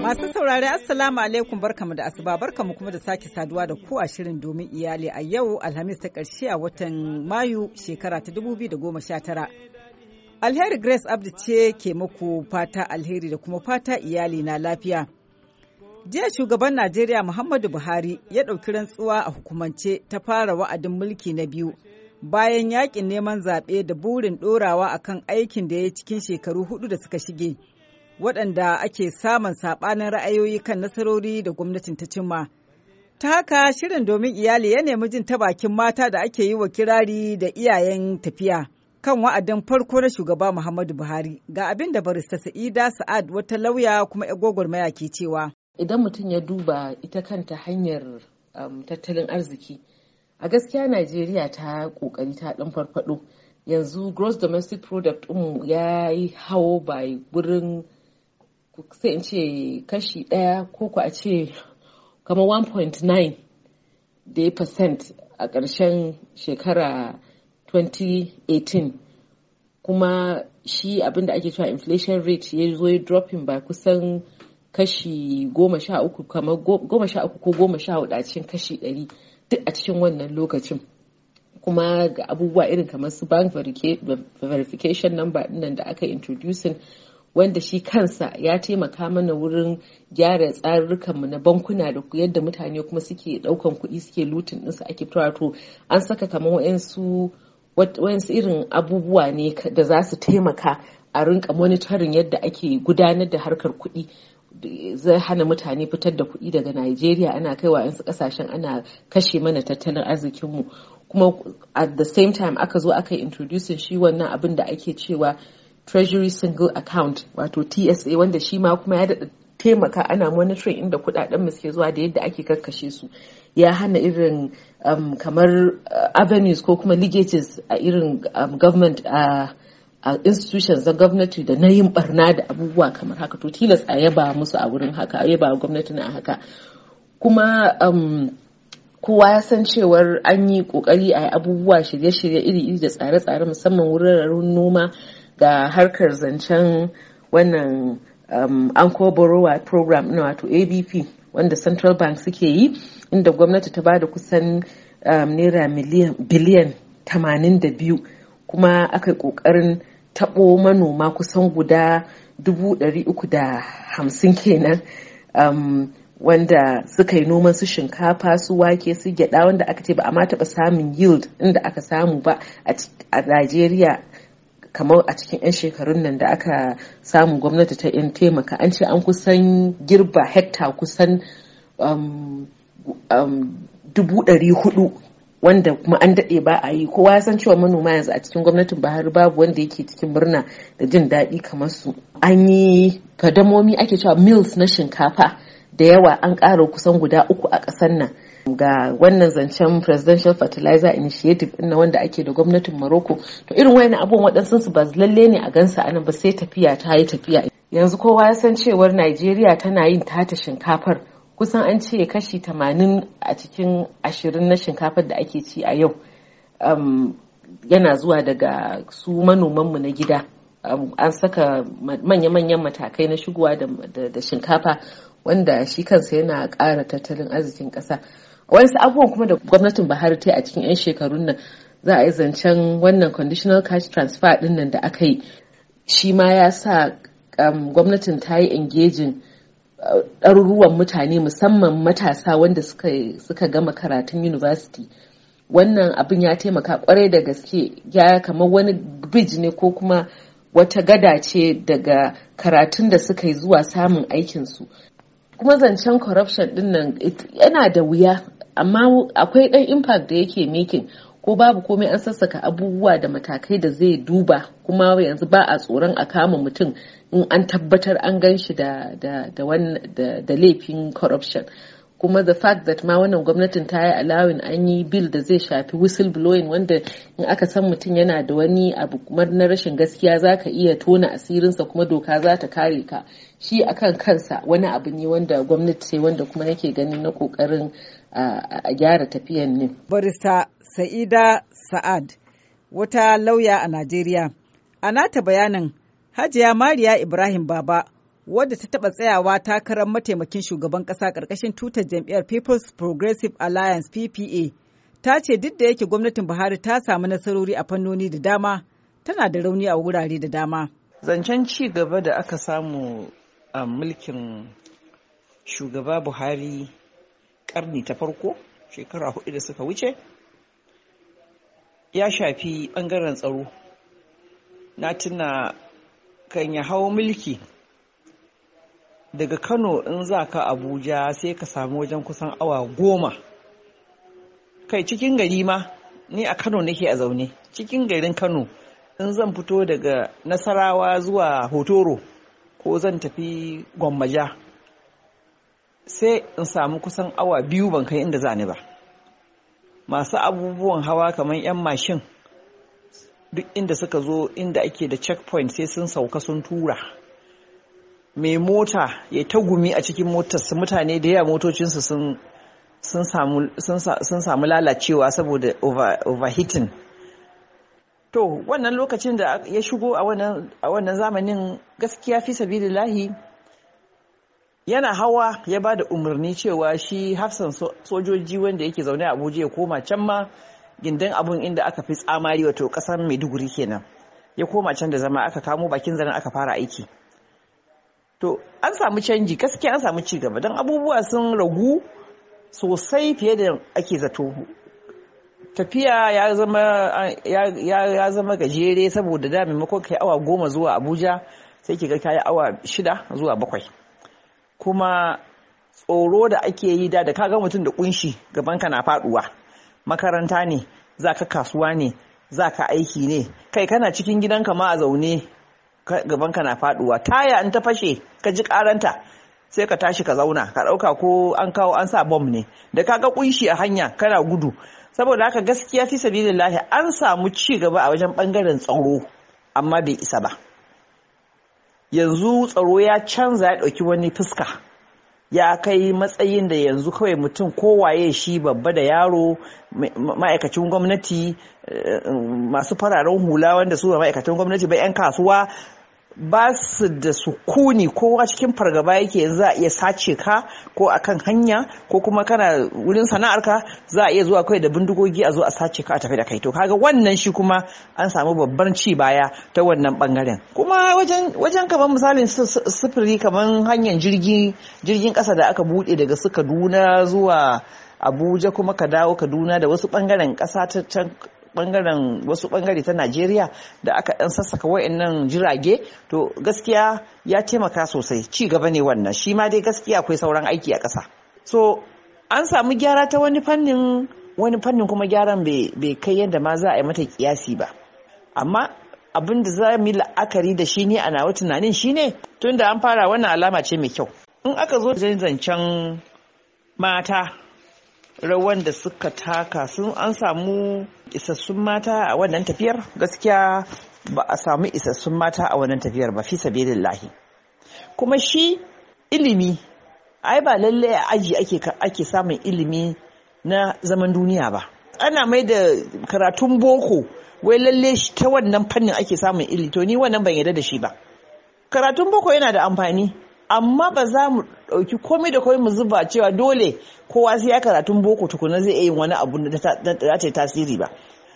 Masu saurari Assalamu alaikum barkamu da asuba barkamu kuma da sake saduwa da ku a shirin domin iyali a yau Alhamis ta ƙarshe a watan Mayu shekara ta 2019. Alheri Grace Abdi ce ke muku fata alheri da kuma fata iyali na lafiya. Jiya shugaban Najeriya Muhammadu Buhari ya ɗauki rantsuwa a hukumance ta fara wa'adin mulki na biyu bayan yakin neman zaɓe da burin ɗorawa akan aikin da ya cikin shekaru hudu da suka shige. waɗanda ake samun saɓanin ra'ayoyi kan nasarori da gwamnatin ta cimma. Ta haka shirin domin iyali ya nemi jin ta bakin mata da ake yi wa kirari da iyayen tafiya kan wa'adin farko na shugaba Muhammadu Buhari ga abin da barista Sa'ida Sa'ad wata lauya kuma 'yar gwagwarmaya ke cewa. Idan mutum ya duba ita kanta hanyar um, tattalin arziki a gaskiya Najeriya ta kokari ta ɗan farfaɗo yanzu gross domestic product ɗin ya yi hawo bai gurin sai in ce kashi ɗaya ko ku a ce kama 1.9 da percent a ƙarshen shekara 2018 kuma shi abinda ake cewa inflation rate ya zo ya dropping ba kusan kashi goma sha uku ko goma sha hudu a cikin kashi ɗari duk a cikin wannan lokacin kuma ga abubuwa irin kamar su bank verification number nan da aka introducing wanda shi kansa ya taimaka mana wurin gyara tsarurrukanmu na bankuna da yadda mutane kuma suke daukan kuɗi suke lutin ɗinsu ake fitowa to an saka kamar wa'yansu wayansu irin abubuwa ne da za su taimaka a rinka monitorin yadda ake gudanar da harkar kuɗi zai hana mutane fitar da kuɗi daga Najeriya ana kaiwa wa'insu ƙasashen ana kashe mana tattalin arzikinmu kuma at the same time aka zo aka introduce introducing shi wannan abin da ake cewa treasury single account wato tsa wanda shi ma kuma ya daɗa taimaka ana monitoring inda kuɗaɗen mu suke zuwa da yadda ake karkashe su ya hana irin um, kamar uh, avenues ko kuma ligages a irin um, government a uh, uh, institutions na gwamnati da na yin barna da abubuwa kamar haka to tilas a yaba musu a wurin haka a yaba gwamnati na haka kuma um, kowa ya san cewar an yi kokari a abubuwa shirye-shirye iri-iri da tsare-tsare musamman wuraren noma ga harkar zancen wannan um, anko borrower program na wato abp wanda central bank suke yi inda gwamnati ta bada kusan um, naira biliyan 82 kuma aka yi kokarin tabo manoma kusan guda 350 kenan um, wanda suka yi noman su shinkafa su wake su gyada wanda aka ce ba a ma taba samun yield inda aka samu ba a Najeriya kamar a cikin 'yan shekarun nan da aka samu gwamnati ta 'yan taimaka an ce an kusan girba hekta kusan um, um, dubu ɗari hudu wanda kuma an daɗe ba a yi kowa ya san cewa manoma yanzu a cikin gwamnatin bahar babu wanda yake cikin murna da jin daɗi kamar su an yi fadamomi ake cewa mills na shinkafa da yawa an ƙara kusan guda uku a ƙasar nan ga wannan zancen presidential fertilizer initiative ɗin wanda ake da gwamnatin Morocco to irin wayan abubuwan waɗansu su ba lalle ne a gansa anan ba sai tafiya ta yi tafiya yanzu kowa ya san cewar Najeriya tana yin tata shinkafar kusan an ce kashi 80 a cikin 20 na shinkafar da ake ci a yau um, yana zuwa daga su manomanmu na gida um, an saka manya-manyan matakai na shigowa da shinkafa wanda shi kansa yana ƙara tattalin arzikin ƙasa wasu abubuwan kuma da gwamnatin Buhari ta yi a cikin 'yan shekarun nan za a yi zancen wannan conditional cash transfer din nan da aka yi shi ma ya sa um, gwamnatin ta yi engaging uh, ɗaruruwan mutane musamman matasa wanda suka gama karatun university wannan abin ya taimaka kwarai da gaske ya kamar wani bridge ne ko kuma wata gada ce daga karatun da suka yi zuwa samun aikinsu kuma zancen corruption din nan yana da wuya amma akwai ɗan impact da yake making ko babu komai an sassaka abubuwa da matakai da zai duba kuma yanzu ba a tsoron a kama mutum in an tabbatar an gan shi da laifin corruption kuma the fact that ma wannan gwamnatin ta yi alawin an yi bill da zai shafi whistle-blowing wanda in aka san mutum yana da wani abu kuma na rashin gaskiya za ka iya tona asirinsa kuma doka za ta kare ka shi akan kansa wani abu ne wanda gwamnati ce wanda kuma nake ganin na kokarin a gyara tafiyan ne. barista sa'ida sa'ad wata lauya a najeriya a nata bayanin hajiya mariya ibrahim baba wadda ta taɓa tsayawa takarar mataimakin shugaban ƙasa ƙarƙashin tutar jam'iyyar People's Progressive Alliance PPA, ta ce duk da yake gwamnatin Buhari ta samu nasarori a fannoni da dama, tana da rauni a wurare da dama. Zancen ci gaba da aka samu a mulkin shugaba Buhari ƙarni ta farko, shekara hudu da suka wuce, ya shafi bangaren tsaro. Na tuna kan ya hau mulki daga kano in za ka abuja sai ka samu wajen kusan awa goma kai cikin gari ma ni a kano nake a zaune cikin garin kano in zan fito daga nasarawa zuwa hotoro ko zan tafi gwammaja sai in samu kusan awa biyu ban kai inda za ni ba masu abubuwan hawa kamar 'yan mashin duk inda suka zo inda ake da checkpoint sai sun sauka sun tura mai mota ya ta gumi a cikin su mutane da yawa motocinsu sun samu lalacewa saboda overheating to wannan lokacin da ya shigo a wannan zamanin gaskiya fi lahi yana hawa ya ba da umarni cewa shi hafsan sojoji wanda yake zaune a abuja ya koma can ma gindin abun inda aka fi tsamari wato kasar maiduguri kenan ya koma can da zama aka kamo bakin zaren aka fara aiki to an samu canji gaskiya an samu cigaba don abubuwa sun ragu sosai fiye da ake zato tafiya ya zama gajere saboda da maimakon kai awa goma zuwa abuja sai ki ga kayi awa shida zuwa bakwai kuma tsoro da ake yi da da kaga mutum da kunshi gaban ka na faduwa makaranta ne za ka kasuwa ne za ka aiki ne kai kana cikin gidanka ma a zaune gaban ka na faduwa taya in ta fashe ka ji karanta sai ka tashi ka zauna ka dauka ko an kawo an sa bom ne da kaga ga kunshi a hanya kana gudu saboda haka gaskiya fi sabilillahi an samu ci gaba a wajen bangaren tsaro amma bai isa ba yanzu tsaro ya canza ya dauki wani fuska ya kai matsayin da yanzu kawai mutum kowaye shi babba da yaro ma'aikacin gwamnati eh, masu fararen hula wanda su ma'aikatan gwamnati ba 'yan kasuwa ba su da sukuni kowa cikin fargaba yake za a iya sace ka ko akan hanya ko kuma kana wurin sana'arka za a iya zuwa kai da bindigogi a zo a sace ka a tafi da kai to kaga wannan shi kuma an samu babban ci baya ta wannan bangaren kuma wajen wajen kamar misalin sufuri kamar hanyar jirgin jirgin kasa da aka bude daga su Kaduna zuwa Abuja kuma ka dawo Kaduna da wasu bangaren kasa ta bangaren wasu bangare ta Najeriya da aka ɗan sassaka wayannan jirage to gaskiya ya taimaka sosai ci gaba ne wannan shi ma dai gaskiya akwai sauran aiki a ƙasa so an samu gyara ta wani fannin wani fannin kuma gyaran bai kai yadda ma za a yi mata kiyasi ba amma abin da za mu yi la'akari da shi ne a nawa tunanin shi ne tun an fara wannan alama ce mai kyau in aka zo zancen mata rawan da suka taka sun an samu isassun mata a wannan tafiyar gaskiya ba a samu isassun mata a wannan tafiyar ba fi sabilillahi kuma shi ilimi ai ba lalle a aji ake samun ilimi na zaman duniya ba ana mai da karatun boko wai lalle ta wannan fannin ake samun ilimi to ni wannan ban yarda da shi ba karatun boko yana da amfani amma ba za mu ɗauki komai da komai mu zuba cewa dole kowa sai ya karatun boko tukuna zai iya yin wani abu da za ta yi tasiri ba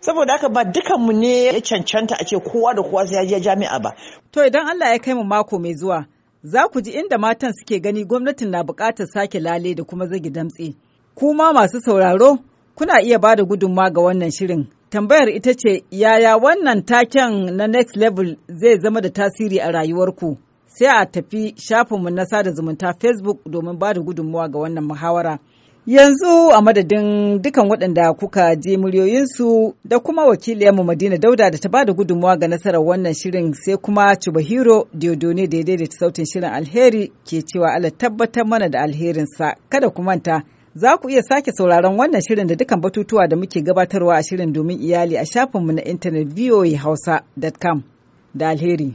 saboda haka ba dukanmu ne ya cancanta a ce kowa da kowa sai ya je jami'a ba to idan Allah ya kai mu mako mai zuwa za ku ji inda matan suke gani gwamnatin na buƙatar sake lale da kuma zagi damtse kuma masu sauraro kuna iya ba da gudunma ga wannan shirin tambayar ita ce yaya wannan taken na next level zai zama da tasiri a rayuwarku sai a tafi shafinmu na sada zumunta Facebook domin ba da gudunmuwa ga wannan muhawara. Yanzu a madadin dukan waɗanda kuka je muryoyinsu da kuma wakiliyarmu Madina Dauda da ta ba da gudunmuwa ga nasarar wannan shirin sai kuma Chubahiro Diodone da ya daidaita sautin shirin alheri ke cewa Allah tabbatar mana da alherinsa kada ku manta. Za ku iya sake sauraron wannan shirin da dukan batutuwa da muke gabatarwa a shirin domin iyali a shafinmu na intanet voahausa.com da alheri.